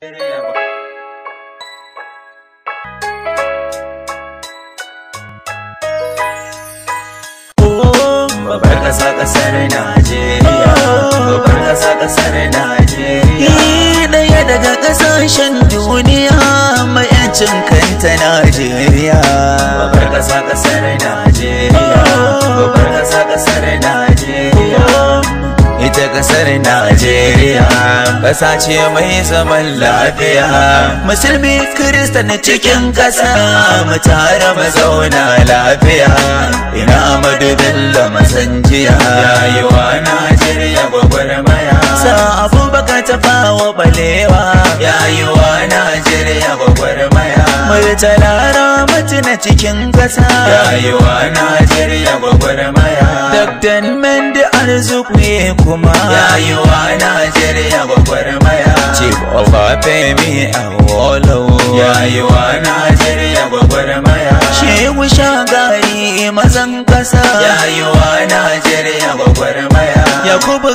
Babbar ƙasa ƙasar Najeriya Babbar ƙasa ƙasar Najeriya Ɗaya daga ƙasashen duniya mai ƴancin kanta Najeriya Babbar ƙasa ƙasar Najeriya Babbar ƙasa ƙasar Najeriya ita kasar Najeriya ƙasa ce mai zaman lafiya musulmi kirista cikin ƙasa mu tare mu zauna lafiya ina madubin da masanjiya yayi wa Najeriya gwagwarmaya sa abubakar ta fawa balewa Yayiwa Najeriya gwagwarmaya wata lara mace na cikin ƙasa rayuwa Najeriya gwagwarmaya Dr. Mendy Arzuk ye kuma rayuwa Najeriya gwagwarmaya Chief Olafemi Awolowo rayuwa Najeriya maya Shehu Shagari mazan ƙasa rayuwa Najeriya maya Yakubu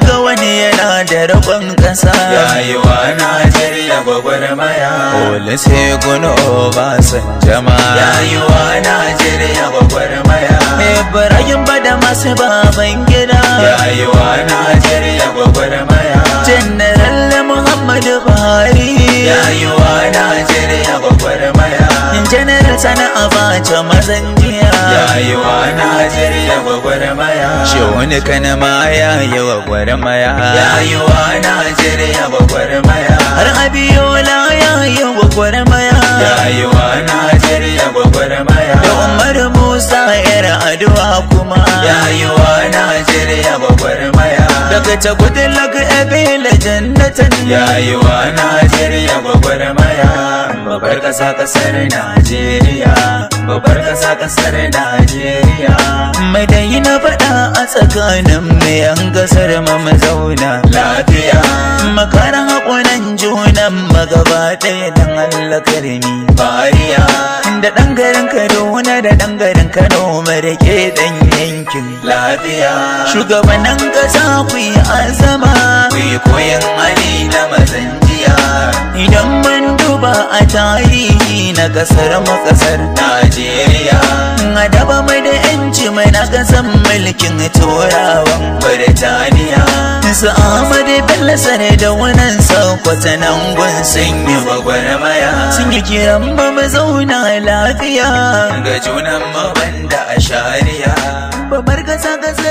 da rabon ƙasa yayiwa Najeriya gwagwarmaya guno Segun Obasanjo ma yayiwa Najeriya gwagwarmaya Ibrahim da masu baban gida yayiwa Najeriya gwagwarmaya General Muhammadu Buhari yayiwa Najeriya gwagwarmaya General sana a bace mazan jiya ya yi maya najeriya gwagwarmaya kana maya ya yi wa gwagwarmaya ya yi maya najeriya gwagwarmaya har ya ya yi wa gwagwarmaya ya yi wa najeriya gwagwarmaya da umar musa yar addu'a kuma ya yi wa najeriya gwagwarmaya daga ta gudun lagu ebe jannatan ya yi wa najeriya gwagwarmaya babbar ƙasa ƙasar Najeriya babbar ƙasa ƙasar Najeriya mai na faɗa a tsakanin mai an kasar mu zauna lafiya makaran hakunan junan magaba ɗaya dan Allah karmi bariya da ɗan garin Kaduna da ɗan garin Kano marike ɗan yankin lafiya shugabannin ƙasa ku yi azama ku yi koyan hali na mazanjiya idan mun a tarihi na kasar makasar kasar Najeriya adaba mai da yanci mai na gasar mulkin turawan Birtaniya su Ahmadu Bello sare da wannan sakwata nan gun sun yi gwagwarmaya sun yi kiran ba mu zauna lafiya ga junan mabanda a shariya babar gasa gasa